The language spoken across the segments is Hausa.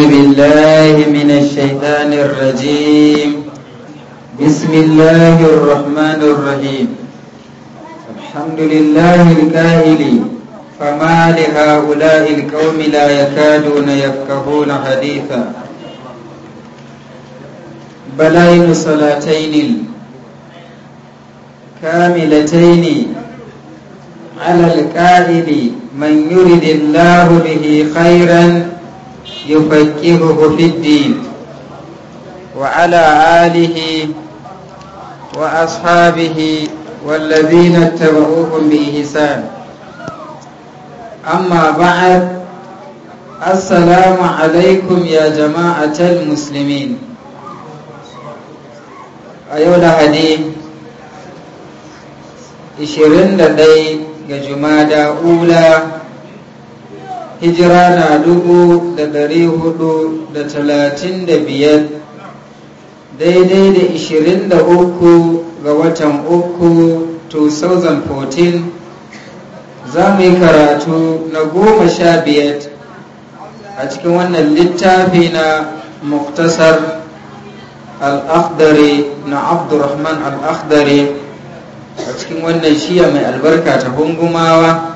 بالله من الشيطان الرجيم بسم الله الرحمن الرحيم الحمد لله الكاهل فما لهؤلاء القوم لا يكادون يفقهون حديثا بلين صلاتين كاملتين على الكاهل من يرد الله به خيرا يفكهه في الدين وعلى آله وأصحابه والذين اتبعوهم بإحسان أما بعد السلام عليكم يا جماعة المسلمين أيها الهدي إشرين لدي جمادى أولى hijira na dubu da dari hudu da talatin da biyar daidai da ishirin da uku ga watan uku 2014 za mu yi karatu na goma sha biyar a cikin wannan littafi na muktasar al'akhdari na abdurrahman al'akhdari a cikin wannan shiya mai albarka ta hungumawa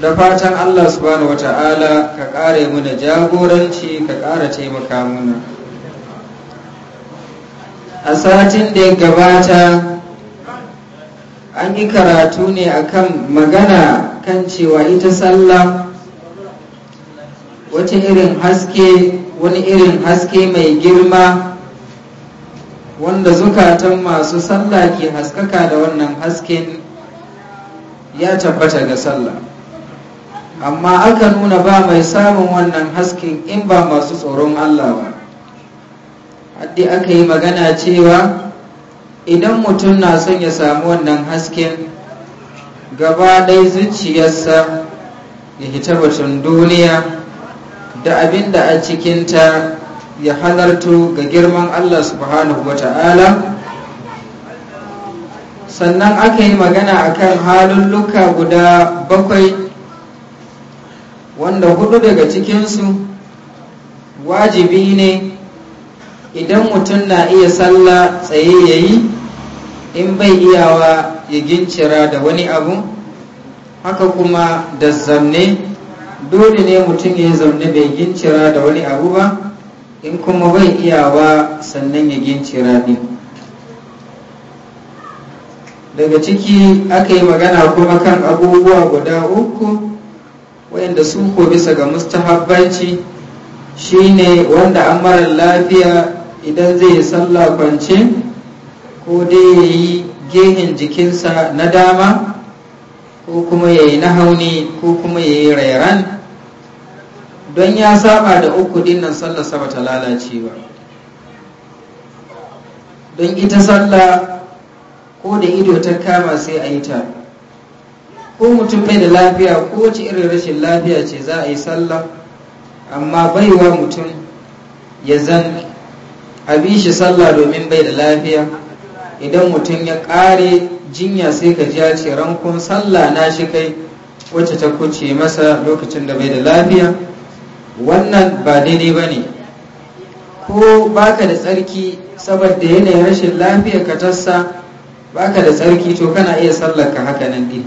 da fatan Allah subhanahu Ta'ala ka kare muna jagoranci ka kara taimaka muna a satin da ya gabata an yi karatu ne akan magana kan cewa ita sallah wata irin haske wani irin haske mai girma wanda zukatan masu sallah ke haskaka da wannan hasken ya tabbata ga sallah amma aka nuna ba mai samun wannan hasken in ba masu tsoron Allah ba haddi aka yi magana cewa idan mutum na son ya samu wannan hasken gaba ɗai zuciyarsa ya hita batun duniya da abin da a cikinta ya halartu ga girman Allah subhanahu wa ta'ala sannan aka yi magana akan halulluka guda bakwai wanda hudu daga cikinsu wajibi ne idan mutum na iya sallah tsaye ya yi in bai iyawa ya gincira da wani abu haka kuma da zanne dole ne mutum ya zaune bai gincira da wani abu ba in kuma bai iyawa sannan ya gincira ne daga ciki aka yi magana kuma kan abubuwa guda uku wayanda su ko bisa ga mustahabbanci shine wanda an mara lafiya idan zai yi sallah kwance ko dai ya yi gehen jikinsa na dama ko kuma ya yi na hauni ko kuma ya yi rairan don ya saba da uku dinnan sallah sa bata lalace ba don ita sallah ko da ido ta kama sai a yi ta ko mutum bai da lafiya ko wace irin rashin lafiya ce za a yi sallah amma baiwa mutum ya zan abin shi sallah domin bai da lafiya idan mutum ya ƙare jinya sai ka ji ce rankun sallah na shi kai wacce ta kuce masa lokacin da bai da lafiya wannan ba daidai ba ne ko baka da tsarki saboda yanayin rashin lafiyar ka tassa baka da tsarki to kana iya sallar ka haka nan din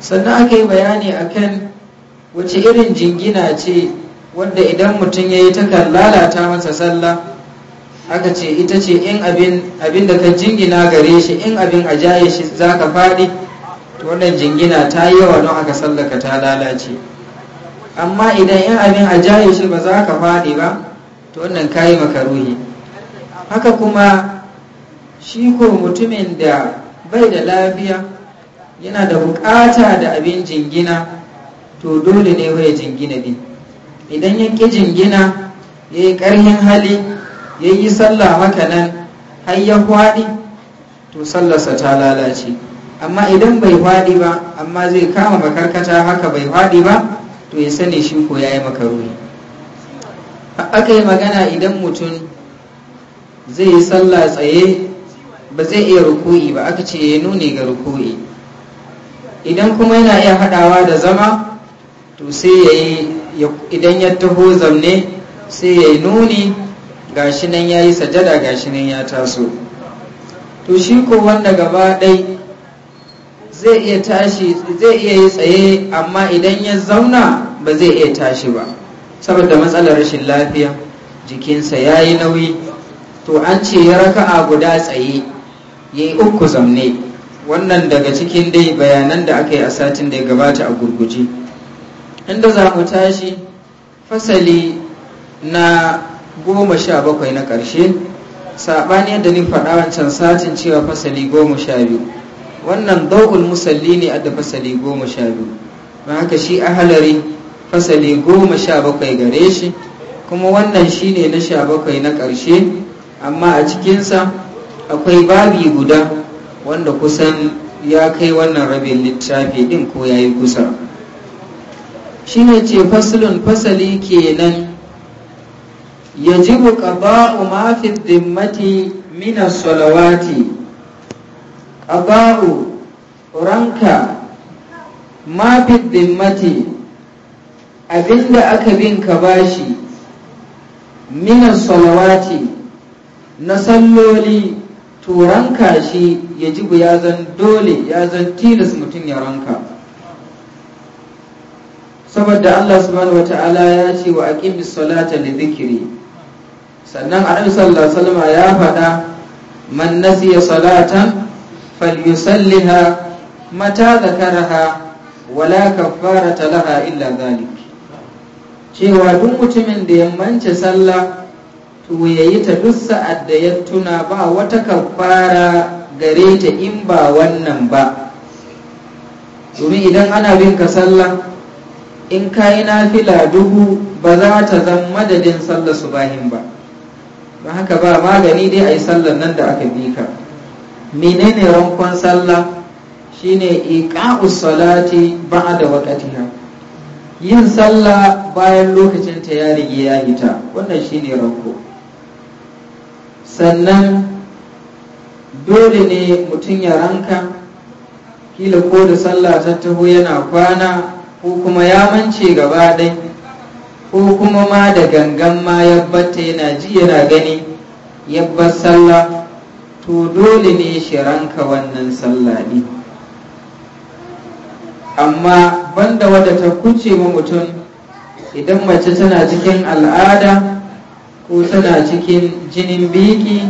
sannan aka yi bayani akan wace irin jingina ce wadda idan mutum ya yi ta kan lalata masa sallah aka ce ita ce in abin da ka jingina gare shi in abin a jaye shi za ka faɗi wannan jingina ta yi yawa don sallaka ta lalace amma idan in abin a jaye shi ba za ka faɗi ba to wannan kayi makaruhi haka kuma shi ko mutumin da bai da lafiya yana da bukata da abin jingina to dole ne ya jingina din idan ya ƙi jingina ya yi ƙarhin hali ya yi sallah haka nan har ya kwaɗi to sallarsa ta lalace amma idan bai kwaɗi ba amma zai kama makarkata haka bai kwaɗi ba to ya sani shi ko ya yi makaroni aka yi magana idan mutum zai yi sallah tsaye ba zai iya rukui ba aka ce ya nune ga rukui idan kuma yana iya haɗawa da zama to sai ya idan ya taho zamne sai ya nuni gashi nan ya yi sajada gashi nan ya taso to shi ko wanda gaba ɗai zai iya tashi zai iya yi tsaye amma idan ya zauna ba zai iya tashi ba saboda matsalar rashin lafiya jikinsa ya yi nauyi to an ce ya raka'a guda tsaye ya yi uku zamne wannan daga cikin dai bayanan da aka yi a satin da ya gabata a gurguje inda za mu tashi fasali na goma sha bakwai na ƙarshe saɓani yadda ni faɗa wancan satin cewa fasali goma sha biyu wannan dau'ul musalli ne adda fasali goma sha biyu ba haka shi a halari fasali goma sha bakwai gare shi kuma wannan shi ne na sha bakwai na ƙarshe amma a cikinsa akwai babi guda wanda kusan ya kai wannan rabin littafi din ko ya yi kusa shi ne ce fasulun fasali kenan ya ji buƙaba mafi dimmati mina salawati u ranka mafi dimmati abinda aka bin ka bashi mina salawati na salloli turanka kashi shi ya jibu ya zan dole ya zan tilas mutum ya ranka saboda Allah subhanahu wata'ala ya ce wa aqimi salata li dhikri sannan annabi sallallahu alaihi wasallam ya faɗa man nasiya salatan falyusalliha mata zakaraha wala kaffarata laha illa dhalik cewa duk mutumin da ya mance sallah to ta duk sa'ad da ya tuna ba wata kafara gare ta in ba wannan ba domin idan ana bin ka sallah in ka yi nafila duhu ba za ta zan madadin su bahin ba ba haka ba magani dai a yi sallar nan da aka bi ka menene rankon sallah shine iqa'us salati ba'da waqtiha yin sallah bayan lokacin ta ya rige ya hita wannan shine ranko sannan dole ne mutum ya ranka kila ko da sallah ta taho yana kwana ko kuma ya mance gaba ɗai ko kuma ma da gangan ma ya batta yana ji yana gani ya ba sallah to dole ne shi ranka wannan sallah ne amma banda wadda ta kuce ma mutum idan mace tana cikin al'ada ko tana cikin jinin biki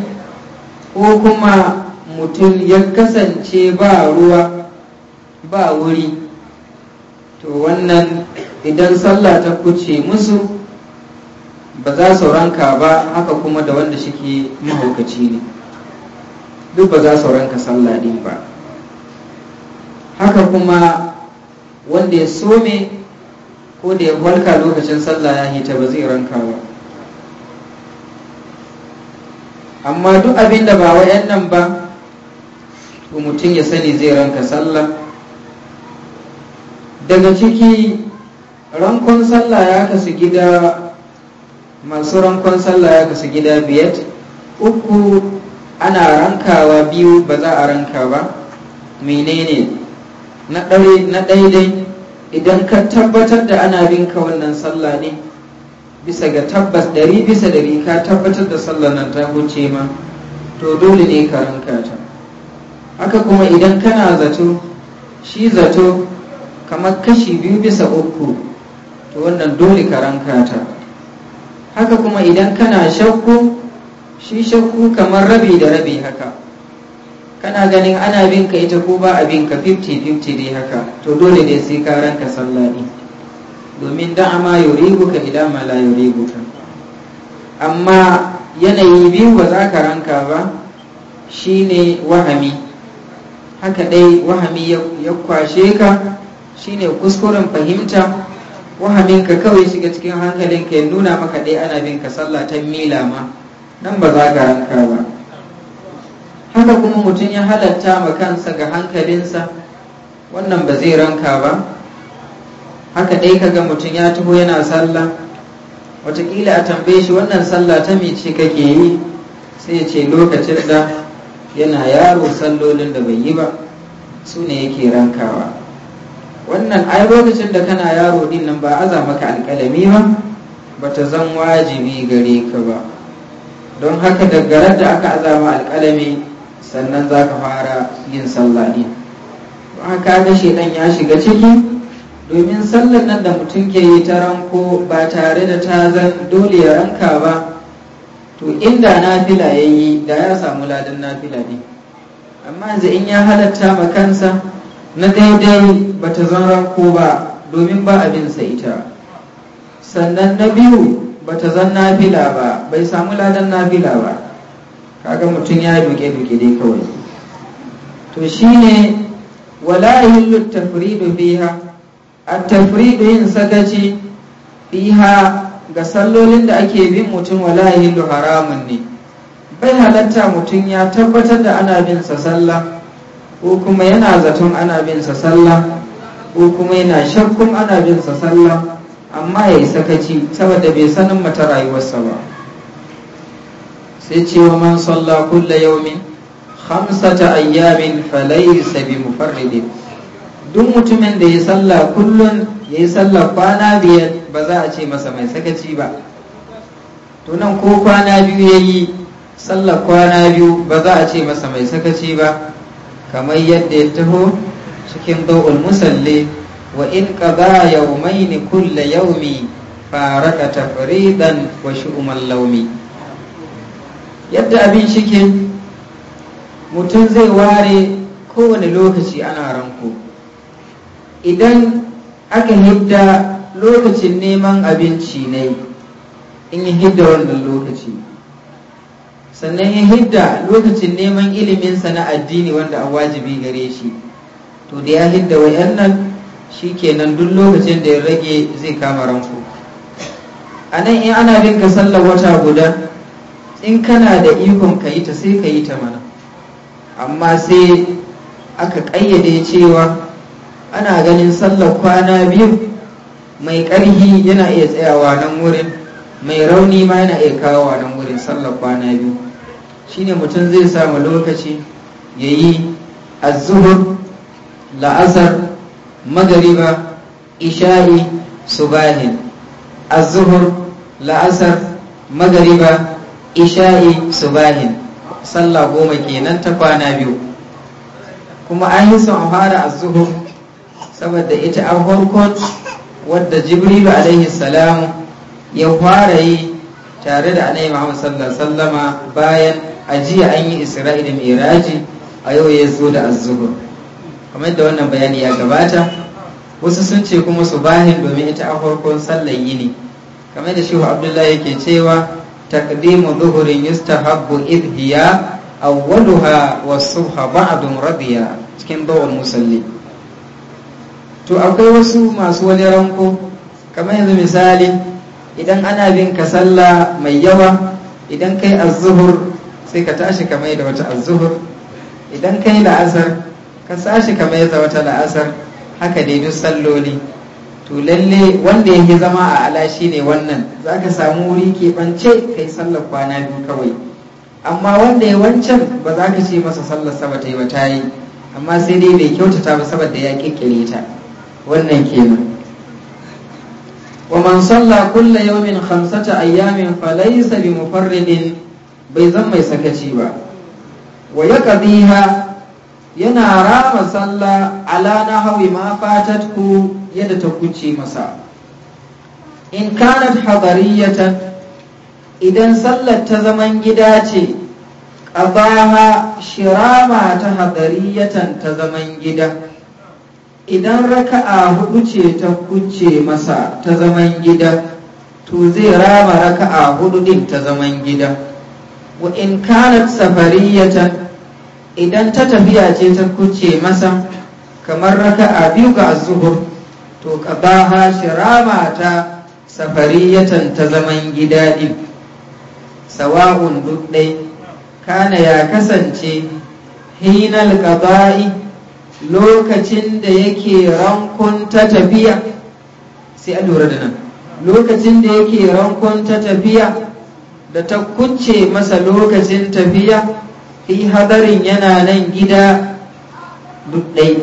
ko kuma mutum ya kasance ba ruwa ba wuri to wannan idan sallah ta kuce musu ba za su ranka ba haka kuma da wanda shike mahaukaci ne duk ba za su ranka sallah din ba haka kuma wanda ya some ko da ya walka lokacin sallah ya hita ba zai ranka ba amma duk abin da ba wayan nan ba ku mutum ya sani zai ranka sallah daga ciki rankon sallah ya kasu gida masu rankon sallah ya kasu gida biyar uku ana rankawa biyu ba za a ranka ba menene na daidai idan ka tabbatar da ana binka wannan sallah ne bisa ga tabbas ɗari bisa ɗari ka tabbatar da sallar nan ta huce ma to dole ne ka ranka ta haka kuma idan kana zato shi zato kamar kashi biyu bisa uku to wannan dole ka ranka ta haka kuma idan kana shakku shi shakku kamar rabi da rabi haka kana ganin ana bin ka ita ko ba a bin ka 50-50 dai haka to dole ne sai ka ranka sallah ne domin da'ama yuriguka ila ma la riguka. amma yanayi biyu ba za ka ranka ba shine wahami haka dai wahami ya kwashe ka shine kuskuren fahimta wahaminka kawai shiga cikin hankalinka ya nuna maka dai ana bin ka sallah ta mila ma nan ba za ka ranka ba haka kuma mutum ya halatta ma kansa ga hankalinsa wannan ba zai ranka ba haka dai kaga mutum ya taho yana sallah watakila a tambaye shi wannan sallah ta mece kake yi sai ce lokacin da yana yaro sallolin da bai yi ba su ne yake rankawa wannan ai lokacin da kana yaro din nan ba aza maka alƙalami ba ba ta zan wajibi gare ka ba don haka daga da aka azama alƙalami sannan za ka fara yin sallah din ba ka ga ɗan ya shiga ciki domin sallar nan da mutum ke yi ta ranko ba tare da ta zan dole ya ranka ba to inda nafila ya yi da ya samu ladan nafila ne amma yanzu in ya halatta ma kansa na daidai ba ta zan ranko ba domin ba abin sa ita sannan na biyu ba ta zan nafila ba bai samu ladan nafila ba kaga mutum ya duke-duke dai kawai to shine wala yahillu da biya. at-tafrid yin sakaci fiha ga sallolin da ake bin mutum wala yahillu haramun ne bai halatta mutum ya tabbatar da ana bin sa sallah ko kuma yana zaton ana bin sa sallah ko kuma yana shakkun ana bin sa sallah amma ya yi sakaci saboda bai sanin mata rayuwarsa ba sai ce man sallah kulla yaumin khamsata ayyamin falaysa bi mufarridin duk mutumin da ya sallah kullum ya yi sallah kwana biyar ba za a ce masa mai sakaci ba to nan ko kwana biyu ya yi sallah kwana biyu ba za a ce masa mai sakaci ba kamar yadda ya taho cikin ba'ul musalli wa in qada yawmayn kulla yawmi faraka tafridan wa umar laumi yadda abin cikin mutum zai ware kowane lokaci ana ranko idan aka hidda lokacin neman abinci ne in yi hidda wannan lokaci sannan ya hidda lokacin neman iliminsa na addini wanda an wajibi gare shi to da ya hidda wayannan shi kenan duk lokacin da ya rage zai kama ranku a nan in ana bin ka sallar wata guda in kana da ikon ka yi ta sai ka yi ta mana amma sai aka ƙayyade cewa ana ganin sallar kwana biyu mai ƙarfi yana iya tsayawa nan wurin mai rauni ma yana iya kawowa nan wurin sallar kwana biyu Shi ne mutum zai samu lokaci ya yi azuhur la'asar magariba isha'i subahin azuhur la'asar magariba isha'i subahin sallah goma kenan ta kwana biyu kuma an yi sun fara azuhur saboda ita a farkon wadda jibrilu alaihi salamu ya fara yi tare da annabi muhammad sallallahu alaihi wasallama bayan ajiya an yi isra'ila miraji a yau ya zo da azzubur kamar da wannan bayani ya gabata wasu sun ce kuma su bahin domin ita a farkon sallar yini kamar da shehu abdullahi yake cewa taqdimu zuhurin yustahabbu idhiya awwaluha was subha ba'dun radiya cikin bawal musalli to akwai wasu masu wani ranko kamar yanzu misali idan ana bin ka sallah mai yawa idan kai azuhur sai ka tashi ka da wata azuhur idan kai la'asar ka sashi ka da wata la'asar haka dai duk salloli to lalle wanda yake zama a ala ne wannan za ka samu wuri keɓance kai sallar kwana biyu kawai amma wanda ya wancan ba za ka ce masa sallar sabata ta yi ba ta yi amma sai dai bai kyautata ba saboda ya ƙirƙire ta wannan kenan ومن صلى كل يوم خمسة أيام bai zan mai sakaci ba. با ويقضيها yana rama salla ala na hawi ma fatatku yadda ta kuce masa in kanat hadariyatan idan sallar ta zaman gida ce ƙabaha shirama ta hadariyatan ta zaman gida idan raka'a hudu ce ta kuce masa ta zaman gida to zai rama raka'a hudu din ta zaman gida wa in kanat safariyatan idan ta tafiya ce ta kuce masa kamar raka'a biyu ga azhur to ka ba shi rama ta safariyatan ta zaman gida din sawa'un duk kana ya kasance hinal qada'i lokacin da yake rankon ta tafiya sai a lura da nan lokacin da yake rankon ta tafiya da ta kuce masa lokacin tafiya fi hadarin yana nan gida duɗɗai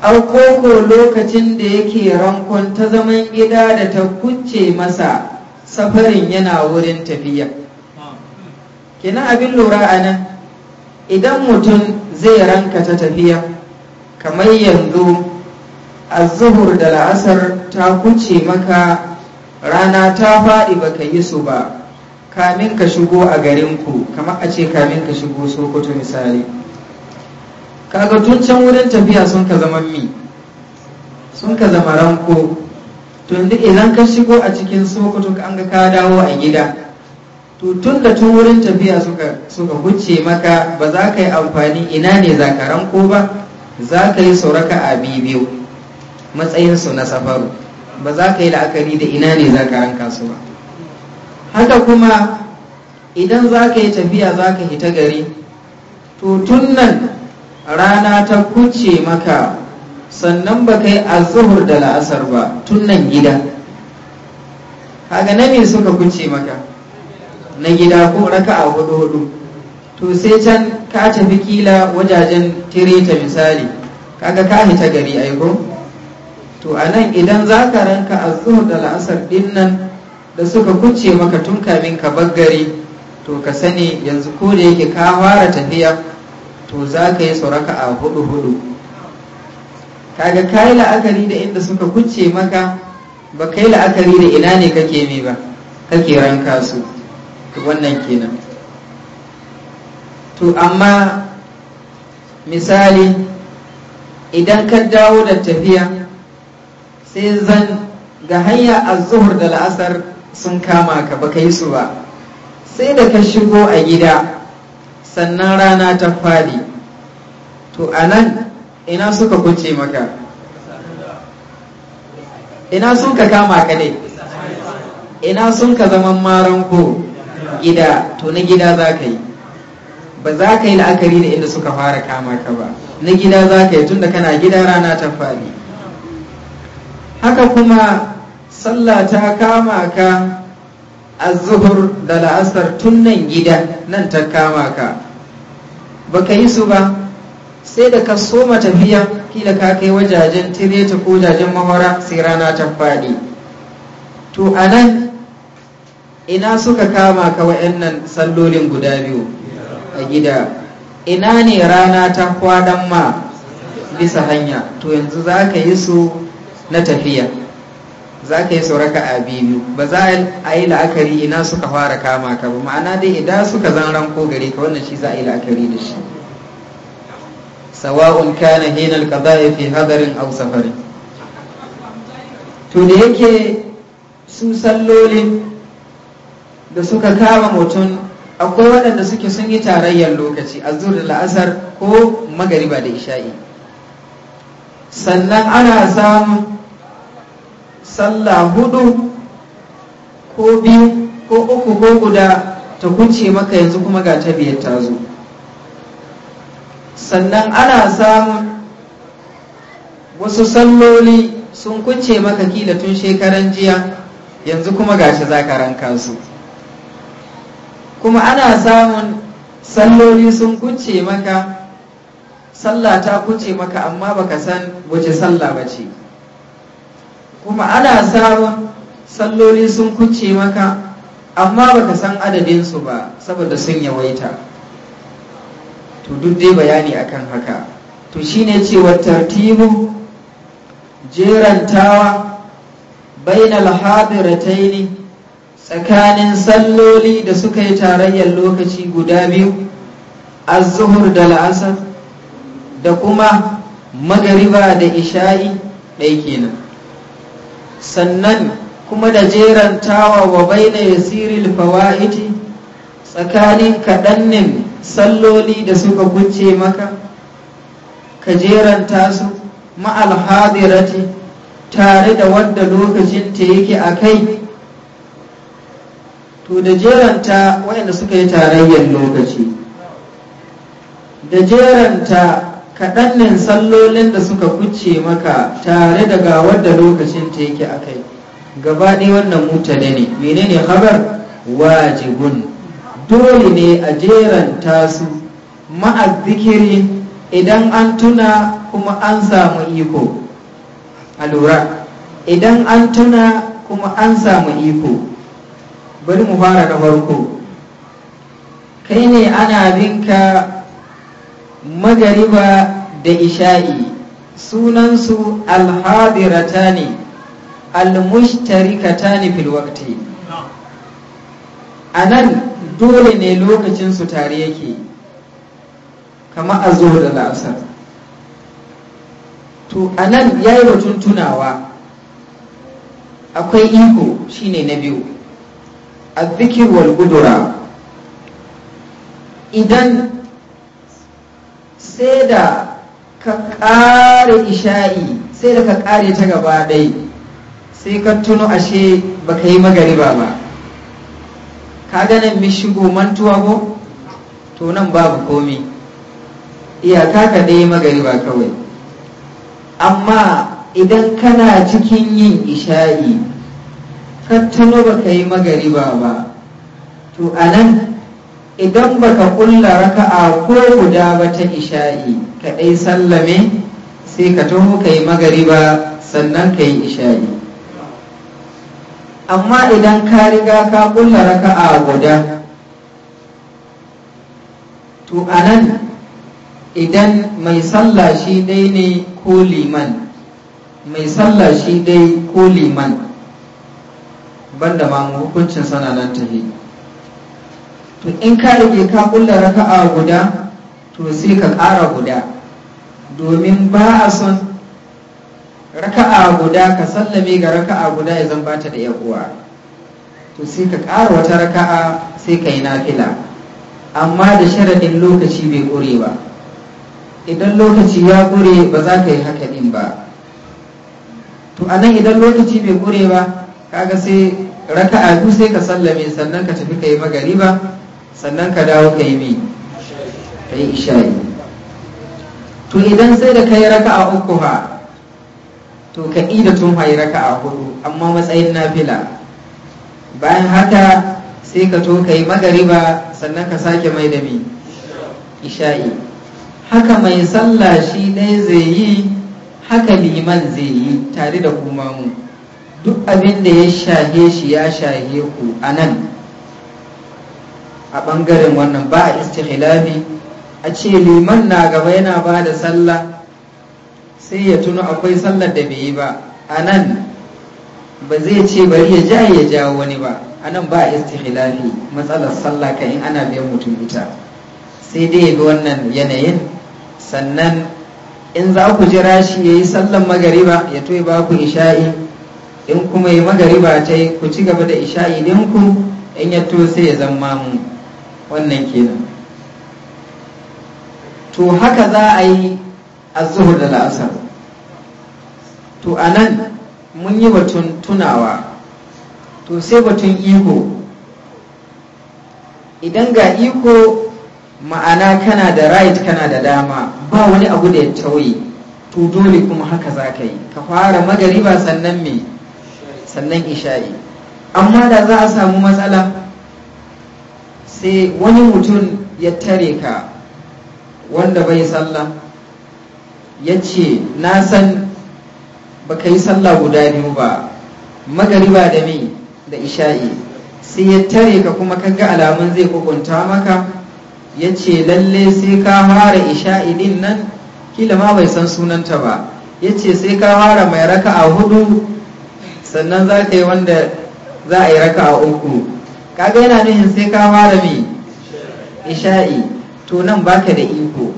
koko lokacin da yake rankon ta zaman gida da ta kuce masa safarin yana wurin tafiya ah. Kina abin lura a nan idan mutum zai ranka ta tafiya kamar yanzu a zuhur da la'asar ta kuce maka rana ta faɗi ba ka yi su ba kamin ka shigo a garinku kamar a ce kamin ka shigo sokoto misali kaga tun can wurin tafiya sun ka zama mi sun ka zama ranko tun duk idan ka shigo a cikin sokoto an ga ka dawo a gida to tun da tun wurin tafiya suka suka huce maka ba za ka yi amfani ina ne za ka ranko ba za ka yi sauraka a biyu matsayinsu na safaru ba za ka yi la'akari da ina ne za ka ranka su ba haka kuma idan za ka yi tafiya za ka hita gari to tun nan rana ta kuce maka sannan ba yi azuhur da la'asar ba tun nan gida haka nan ne suka kuce maka na gida ko raka'a hudu hudu to sai can ka tafi kila wajajen tireta misali kaga ka hita gari aiko to a nan idan za ka ranka a zuhur da la'asar dinnan da suka kuce maka tun kamin ka baggari to ka sani yanzu ko da yake ka fara tafiya to za ka yi tsoraka a hudu hudu kaga ka yi la'akari da inda suka kuce maka ba ka yi la'akari da ina ne kake mai ba kake ranka su wannan kenan to amma misali idan ka dawo da tafiya sai zan ga hanya azuhur da la'asar sun kama ka baka yi su ba sai da ka shigo a gida sannan rana ta fadi to a nan ina suka kuce maka ina sun ka kama ka ne ina sun ka zaman maranko gida to na gida za ka yi ba za ka yi la'akari da inda suka fara kama ka ba na gida za ka yi tunda kana gida rana ta faɗi haka kuma sallah ta kama ka a Zuhur da la'asar tun nan gida nan ta kama ka ba ka yi su ba sai da ka soma tafiya kila ka kai wajajen tireta ko jajen mahora sai rana ta faɗi to a nan ina suka kama ka wa'annan sallolin guda biyu a gida ina ne rana ta kwadan ma bisa hanya to yanzu za ka yi su na tafiya za ka yi su a biyu ba za a yi la'akari ina suka fara kama ka ba ma'ana dai idan suka zan ran ko gare ka wannan shi za a yi la'akari da shi sawa'un kana hinal qada'i fi hadarin aw safarin to da yake su sallolin da suka kama mutum akwai waɗanda suke sun yi tarayyar lokaci a da la'asar ko magariba da isha'i sannan ana samun sallah hudu ko biyu ko uku ko guda ta kuce maka yanzu kuma ga ta biyar ta zo sannan ana samun wasu salloli sun kuce maka kila tun shekaran jiya yanzu kuma gashi za ka ranka su kuma ana samun salloli sun kuce maka sallah ta kuce maka amma baka san wace sallah ba ce kuma ana samun salloli sun kuce maka amma baka san adadinsu ba saboda sun yawaita to duk dai bayani akan haka to shi shine cewa tartibu jerantawa bainal ne. tsakanin salloli da suka yi tarayyar lokaci guda biyu azuhur da la'asar da kuma magariba da isha'i ɗai kenan sannan kuma da jeran tawa wa baina yasiril fawaiti tsakanin kaɗannin salloli da suka kuce maka ka jeranta su ma'al hadirati tare da wadda lokacin ta yake a kai to da jeranta waɗanda suka yi tarayyar lokaci da jeranta kaɗannin sallolin da suka kuce maka tare da ga wadda lokacin ta yake a kai gaba ɗaya wannan mutane ne menene habar wajibun dole ne a jeranta su ma'azzikiri idan an tuna kuma an samu iko a idan an tuna kuma an samu iko bari mu fara da farko kai ne ana binka magariba da isha'i sunansu alhadirata ne almushtarikata ne filwakti a nan dole ne lokacinsu tare yake kama a zo da lasar to a nan ya yi batun tunawa akwai iko shine na biyu الذكر والقدرة إذن سيدا كقار إشائي سيدا كقار تقبادي سيكا تنو أشي بكي مغربا ما كاغانا مشيغو منتوا بو tunan babu komi iyaka ka dai magariba kawai amma idan kana cikin yin isha'i kattano ba ka yi magariba ba to a nan idan ba ka ƙulla raka'a ko guda ba ta isha'i ka ɗai sallame sai ka taho ka yi magariba sannan ka yi isha'i amma idan ka riga ka ƙulla raka'a guda to a nan idan mai sallah shi ɗai ne ko liman mai sallah shi ɗai ko liman banda ma mu hukuncin sana nan yi to in ka rike ka kulla raka'a guda to sai ka ƙara guda domin ba a son raka'a guda ka sallame ga raka'a guda ya zan bata da yawa to sai ka ƙara wata raka'a sai ka yi nafila amma da sharaɗin lokaci bai ƙure ba idan lokaci ya ƙure ba za ka yi haka ɗin ba to anan idan lokaci bai ƙure ba kaga sai raka'a biyu sai ka sallame sannan ka tafi ka yi magariba sannan ka dawo ka yi mai ka yi isha'i to idan sai da ka yi raka'a uku ha to ka da tun hayi raka'a hudu amma matsayin nafila bayan haka sai ka to ka yi magariba sannan ka sake mai da mai isha'i haka mai sallah shi ɗaya zai yi haka liman zai yi tare da kuma mu duk abin da ya shage shi ya shage ku a nan a ɓangaren wannan ba a istihilabi a ce liman na gaba yana ba da sallah sai ya tuno akwai sallar da bai yi ba a nan ba zai ce bari ya ja ya jawo wani ba a nan ba a istihilabi matsalar sallah ka in ana biyan mutum ita sai dai bi wannan yanayin sannan in za ku jira shi ya yi sallan magariba ya toye ba ku isha'i in kuma yi magariba ta yi ku ci gaba da isha'i ku in ya to sai ya zama mu wannan kenan to haka za a yi a zuhur da la'asar to a nan mun yi batun tunawa to sai batun iko idan ga iko ma'ana kana da right kana da dama ba wani abu da ya tauye to dole kuma haka za ka yi ka fara magariba sannan me sannan isha'i amma da za a samu matsala sai wani mutum ya tare ka wanda bai sallah ya ce na san baka yi sallah guda biyu ba Magari ba da mai da isha'i sai ya tare ka kuma kaga alamun zai kukunta maka ya ce lalle sai ka fara isha'i din nan kila ma bai san sunanta ba ya ce sai ka fara mai raka a hudu sannan za ka yi wanda za a yi raka a uku kaga yana nuhin sai ka fara mai isha'i to nan baka da iko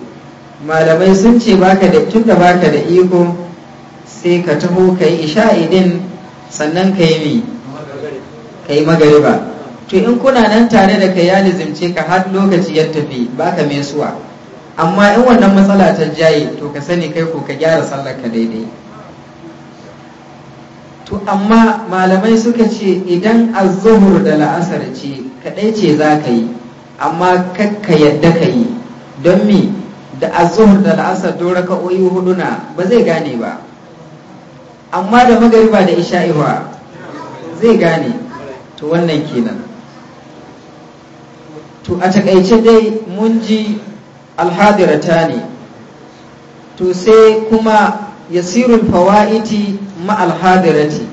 malamai sun ce baka da tunda baka da iko sai ka taho ka yi isha'i din sannan ka yi ka yi magariba to in kuna nan tare da ka ya lizimce ka har lokaci ya tafi baka mai suwa amma in wannan matsala ta jaye to ka sani kai ko ka gyara sallar ka daidai to amma malamai suka ce idan azuhur da la'asar ce kaɗai ce za ka yi amma kakka yadda ka yi don mi da azuhur da la'asar dora raka'o'i hudu na ba zai gane ba amma da magariba da isha'iwa zai gane to wannan kenan to a takaice dai mun ji alhadirata ne to sai kuma Yasirun fawaiti ma'al hadirati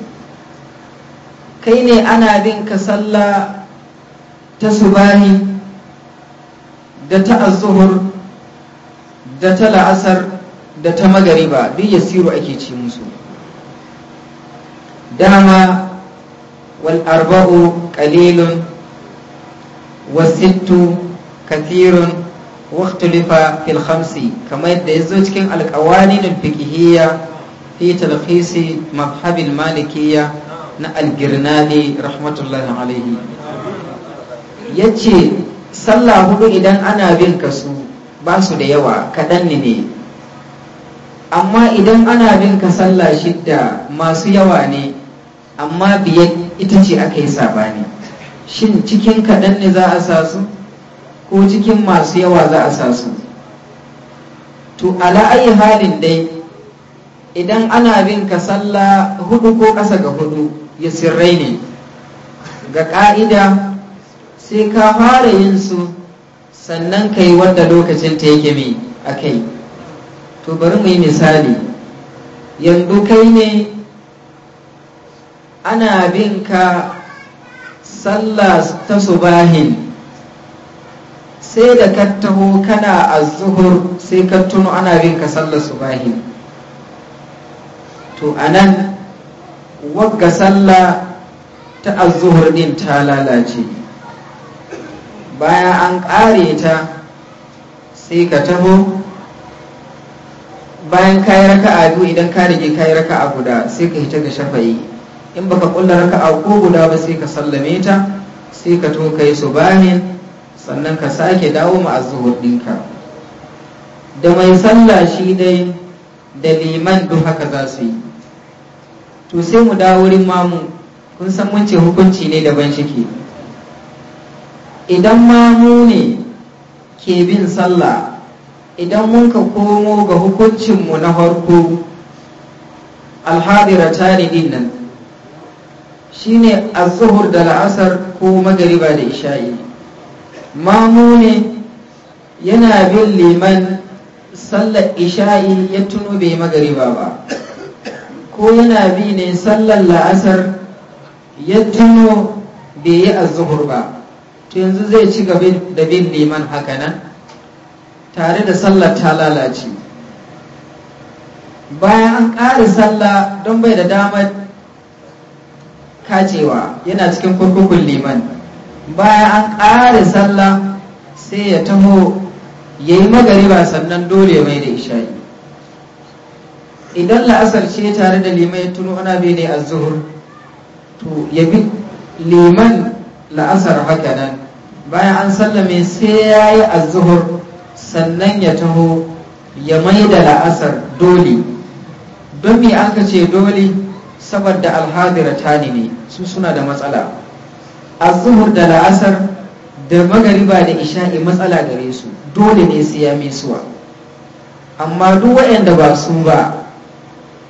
kai ne ana bin ka sallah ta subahi da ta azuhur da ta la'asar da ta magariba duk yasiru ake ci musu dama wal arba'u qalilun wa sittu waktulifa fil khamsi kamar yadda ya zo cikin alkawanin fikihiyya fi talhisi mazhabin malikiyya na algirnani rahmatullahi alaihi ya ce sallah hudu idan ana bin kasu ba su da yawa kaɗan ne amma idan ana bin ka sallah shidda masu yawa ne amma biyar ita ce aka yi sabani shin cikin kaɗan ne za a sa su ko cikin masu yawa za a sa su to ayi halin dai idan ana bin ka sallah hudu ko ƙasa ga hudu ya sirrai ne ga ƙa'ida sai ka fara yin su sannan ka yi wanda lokacin ta yake mai a kai to bari mu yi misali yanzu kai ne ana bin ka salla ta subahin sai da ka taho kana zuhur sai ka tuno ana bin ka sallar su bahi to anan wagga salla ta azuhur din ta lalace bayan an ƙare ta sai ka taho bayan kayi a biyu idan ka rage kayi a guda sai ka hita ga shafa'i in baka kulla raka'a ko guda ba sai ka sallame ta sai ka to kai subahin sannan ka sake dawo ma azuhur ɗinka da mai sallah shi dai da liman duk haka za su yi to sai mu dawo wurin mamu kun san mun ce hukunci ne daban shike idan mamu ne ke bin sallah idan mun ka komo ga hukuncinmu na farko alhadira tare din shine azuhur da la'asar ko magariba da isha'i mamuni yana bin liman sallar isha'i ya tuno bai magariba ba ko yana bi ne sallar la'asar ya tuno bai yi azuhur ba to yanzu zai ci gaba da bin liman hakanan tare da sallar ta lalace bayan an ƙara sallah don bai da damar kacewa yana cikin kurkukun liman bayan an ƙare sallah sai ya taho ya yi magariba sannan dole mai da isha'i idan la'asar ce tare da ya tuno ana bai ne a zuhur to ya bi liman la'asar haka nan bayan an sallame sai ya yi a zuhur sannan ya taho ya mai da la'asar dole don me aka ce dole saboda alhadira tani ne su suna da matsala azuhur da la'asar da magariba da isha'i matsala gare su dole ne su yame suwa amma duk waɗanda ba su ba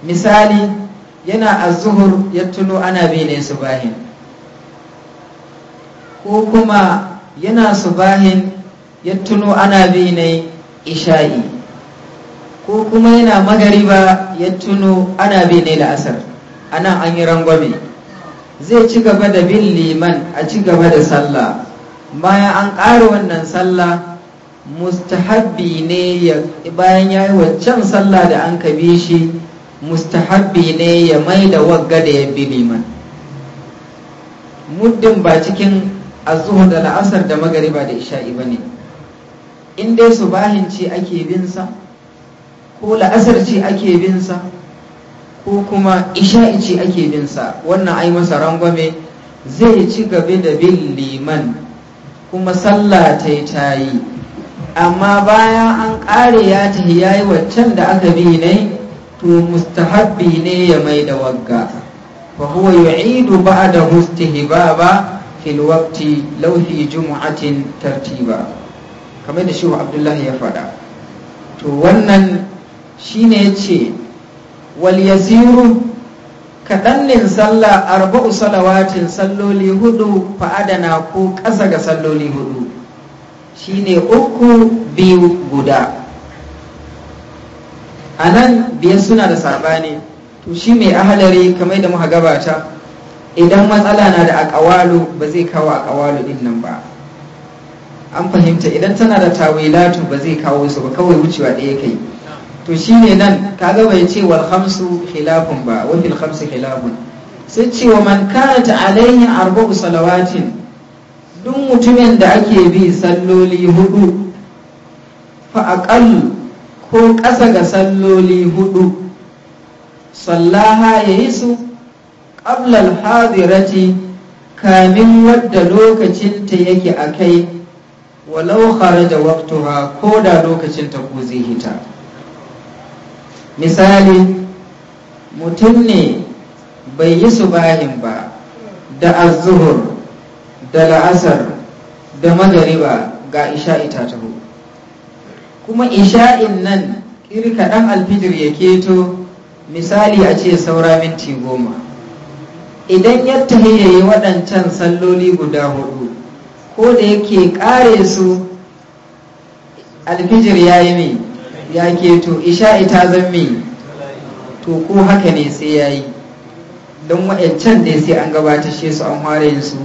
misali yana azuhur ya tuno ana bene su bahin ko kuma yana su bahin ya tuno ana bene isha'i ko kuma yana magariba ya tuno ana bene la'asar anan an yi rangwame zai ci gaba da bin liman a ci gaba da sallah bayan an ƙara wannan sallah mustahabbi ne bayan ya yi waccan sallah da an kabe shi mustahabbi ne ya mai da wagga da ya bi liman muddin ba cikin azuhu da la'asar da magariba da isha'i ba ne in dai su bahin ce ake binsa ko la'asar ce ake sa? ko kuma ishaici ake bin sa wannan ai masa rangwame zai ci gaba da bin liman kuma sallah ta ta yi amma bayan an ƙare ya tahi ya yi waccan da aka bi ne to mustahabbi ne ya mai da wagga fa huwa yu'idu ba'da mustahibaba fil waqti law fi jum'atin tartiba kamar da shi abdullahi ya faɗa to wannan shine yace wal kaɗannin sallah arba'u salawatin salloli hudu fa'adana ko ƙasa ga salloli hudu shine uku biyu guda a nan biyar suna da saɓani to shi mai ahalari kamar da muka gabata idan matsala na da akawalu ba zai kawo akawalu din nan ba an fahimta idan tana da tawilatu ba zai kawo su ba kawai wucewa ɗaya kai to shi ne nan kaga bai ce wal khamsu khilafun ba wafi fil khamsi khilafun sai ce wa man kanat alayhi arba'u salawatin duk mutumin da ake bi salloli hudu fa ko ƙasa ga salloli hudu sallaha yayi su qabla al-hadirati kamin wadda lokacinta yake a akai walau kharaja waqtuha ko da lokacin ta ko zai hita misali mutum ne bai yi su subahin ba da azuhur da la'asar da ba ga isha'i ta taho kuma isha'in nan iri kaɗan alfijir ya keto misali a ce saura minti goma idan ya yi waɗancan salloli guda hudu ko da yake ƙare su alfijir ya yi mai ya to isha'i ta zamme to ko haka ne sai ya yi don wa'ancan dai sai an gabatar shi su an fara su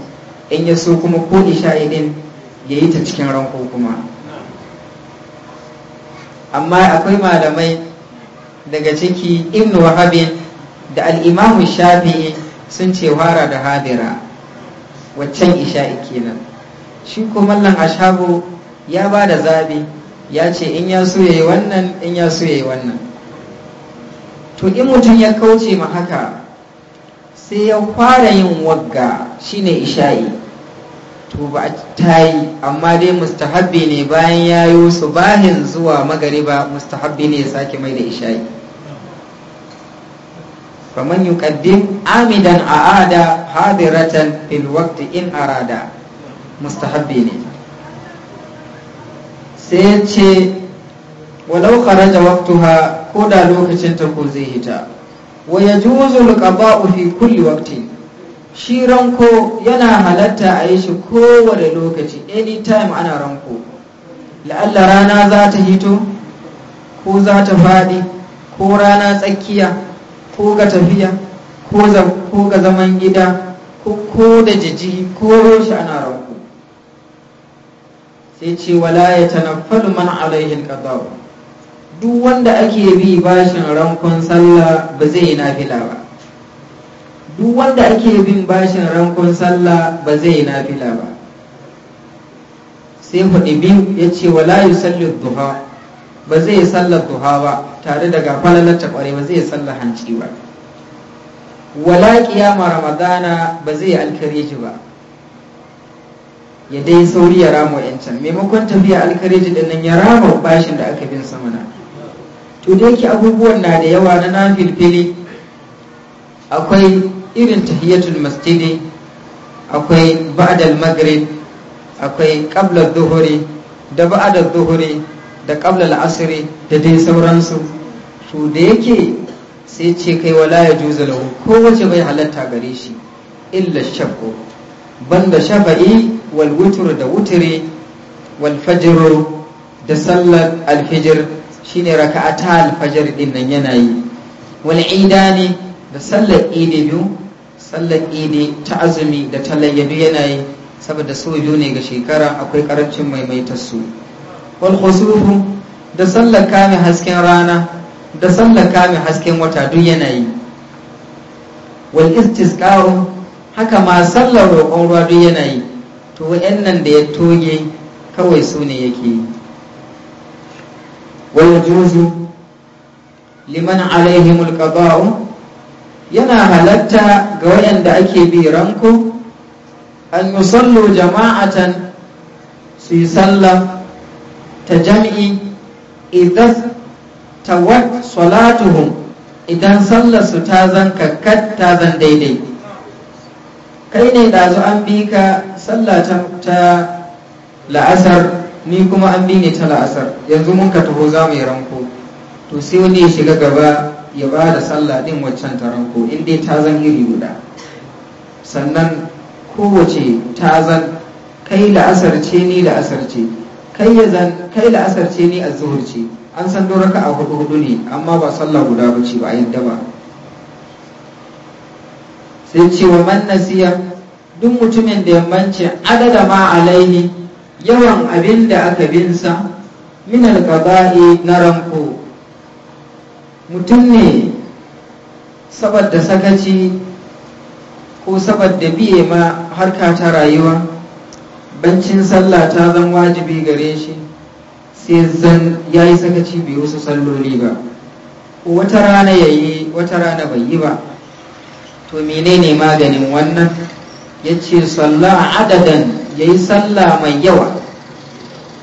in ya so kuma ko isha'i din ya yi ta cikin ranko kuma amma akwai malamai daga ciki ibnu wahabin da al'imamu shafi'i sun ce fara da hadira waccan isha'i kenan shi kuma mallan ashabu ya ba da zabi ya ce in ya so yayi wannan in ya so yayi wannan to in mutum ya kauce ma haka sai ya fara yin wagga shine isha'i to ba ta yi amma dai mustahabbi ne bayan yayo su bahin zuwa Magari magariba mustahabbi ne ya sake mai da isha'i faman yuqaddim amidan a'ada hadiratan fil waqti in arada mustahabbi ne sai ya ce walau kharaja waqtuha ko da lokacin ta ko zai hita wa yajuzu alqada'u fi kulli waqtin shi ranko yana halatta a yi shi kowane lokaci anytime ana ranko la'alla rana za ta hito ko za ta faɗi ko rana tsakiya ko ga tafiya ko ga zaman gida ko da jiji ko roshi ana ranko sai ce wala ya tanaffalu man alaihin qada duk wanda ake bi bashin rankon sallah ba zai yi nafila ba duk wanda ake bin bashin rankon sallah ba zai yi nafila ba sai hudu biyu ya ce wala sallar duha ba zai sallar duha ba tare da gafalar ta kware ba zai sallar hanci ba wala kiyama ramadana ba zai alkareji ba ya dai sauri ya rama yancan maimakon tafiya alkareji da nan ya rama bashin da aka bin sama na to da yake abubuwan na da yawa na fili, akwai irin tahiyatul masjidi akwai ba'dal maghrib akwai qabla dhuhri da ba'da dhuhri da qabla al asr da dai sauransu to da yake sai ce kai wala ya juzu lahu ko wace bai halatta gare shi illa shakku banda shafa'i wal da wuturi wal fajr da sallar alfijir shine raka'ata fajr din nan yana yi wal idani da sallar idi biyu sallar idi ta azumi da ta yanayi yana saboda so biyu ne ga shekara akwai karancin maimaitar su wal khusufu da sallar kame hasken rana da sallar kame hasken wata duk yanayi yi wal istisqa'u haka ma sallar roƙon ruwa duk yana yi to nan da ya toge kawai su ne yake yi wani juzu liman alaihim alqada'u yana halatta ga wayanda ake bi ranko an sallo jama'atan su yi salla ta jam'i idan tawat salatuhum idan sallar su ta zan kakkat ta zan daidai kai ne ɗazu an bi ka sallah ta la'asar ni kuma an bi ne ta la'asar yanzu mun ka taho za mu yi ranko to sai wani ya shiga gaba ya ba da sallah ɗin waccan ta ranko in dai ta zan iri guda sannan kowace ta zan kai la'asar ce ni la'asar ce kai ya zan kai la'asar ce ni a ce an san doraka a hudu hudu ne amma ba sallah guda ba ce ba a yadda ba sai ce wa man nasiya duk mutumin da yammanci adada ma alaihi yawan abin da aka binsa min alqada'i na ranko mutum ne saboda sakaci ko saboda biye ma harka ta rayuwa bancin sallah ta zan wajibi gare shi sai zan ya yi sakaci biyu su salloli ba wata rana yayi wata rana bai yi ba to menene maganin wannan ya ce salla adadan ya yi salla mai yawa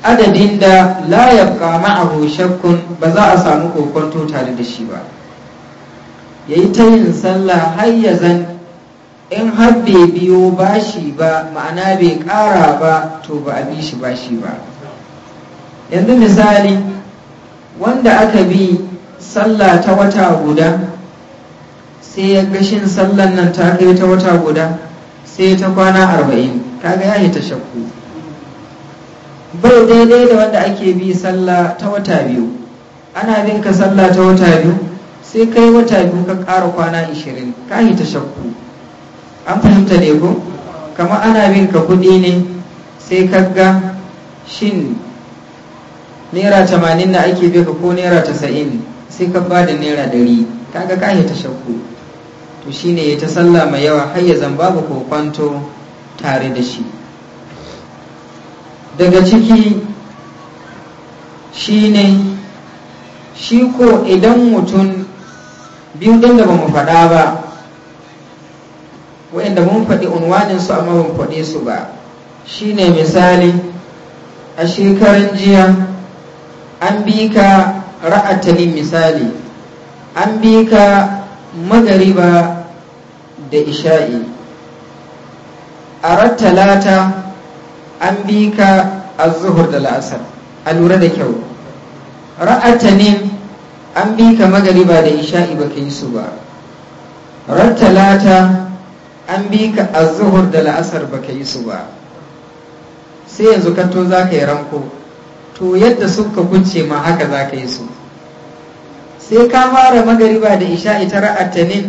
adadin da layar kama a roshakun ba za a samu kokonto tare da shi ba ya yi ta yin sallah har ya in har bai biyo bashi ba ma'ana bai ƙara ba to ba a bi shi bashi ba yanzu misali wanda aka bi sallah ta wata guda sai ya ga sallan nan ta kai ta wata guda sai ta kwana arba'in kaga ya yi ta shakku bai daidai da wanda ake bi sallah ta wata biyu ana bin ka sallah ta wata biyu sai kai wata biyu ka ƙara kwana ishirin ka yi ta shakku an fahimta ne ko kama ana bin ka kuɗi ne sai ka ga shin naira tamanin da ake bi ka ko naira tasa'in sai ka ba da naira ɗari kaga ka yi ta shakku to ne ya ta sallah mai yawa har ya zan babu kokwanto tare da shi daga ciki shi ne shi ko idan mutum biyu ɗin da ba mu faɗa ba wa'inda mun faɗi unwanin su amma ban faɗe su ba shine misali a shekaran jiya an bi ka ra'atali misali an bi ka magariba da isha'i a rattalata an bi ka a zuhur da la'asar a lura da kyau ra'atanin an bi ka magariba da isha'i ba ka yi su ba rattalata an bi ka a zuhur da la'asar ba ka yi su ba sai yanzu kanto za ka yi ranko to yadda suka kuce ma haka za ka yi su sai ka fara magariba da isha'i ta ra'atanin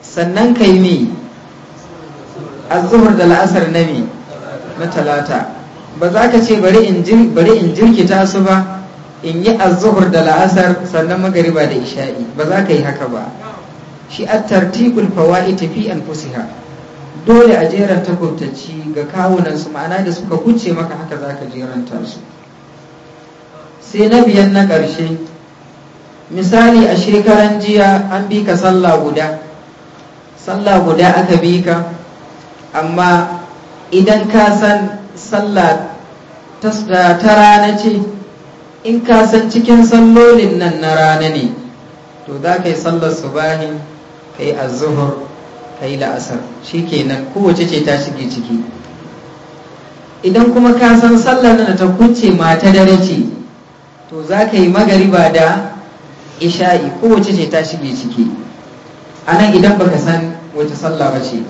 sannan ka yi ne a zuhur da la'asar na me na talata ba za ka ce bari in jirkita su ba in yi a zuhur da la'asar sannan magariba da isha'i ba za ka yi haka ba shi a tartibul fawa'i tafi an fusiha dole a jeran takwautacci ga kawunan su ma'ana da suka kuce maka haka za ka jeranta su sai na biyan na ƙarshe misali a shekaran jiya an bi ka sallah guda sallah guda aka bi ka amma idan ka san sallah ta rana ce in ka san cikin sallolin nan na rana ne to za ka yi sallar subahi ka yi azuhur ka yi la'asar shi kenan kowace ce ta shige ciki idan kuma ka san sallar nan ta kunce mata dare ce to za ka yi magariba da isha'i kowace ce ta shige ciki a nan idan baka san wace sallah ba ce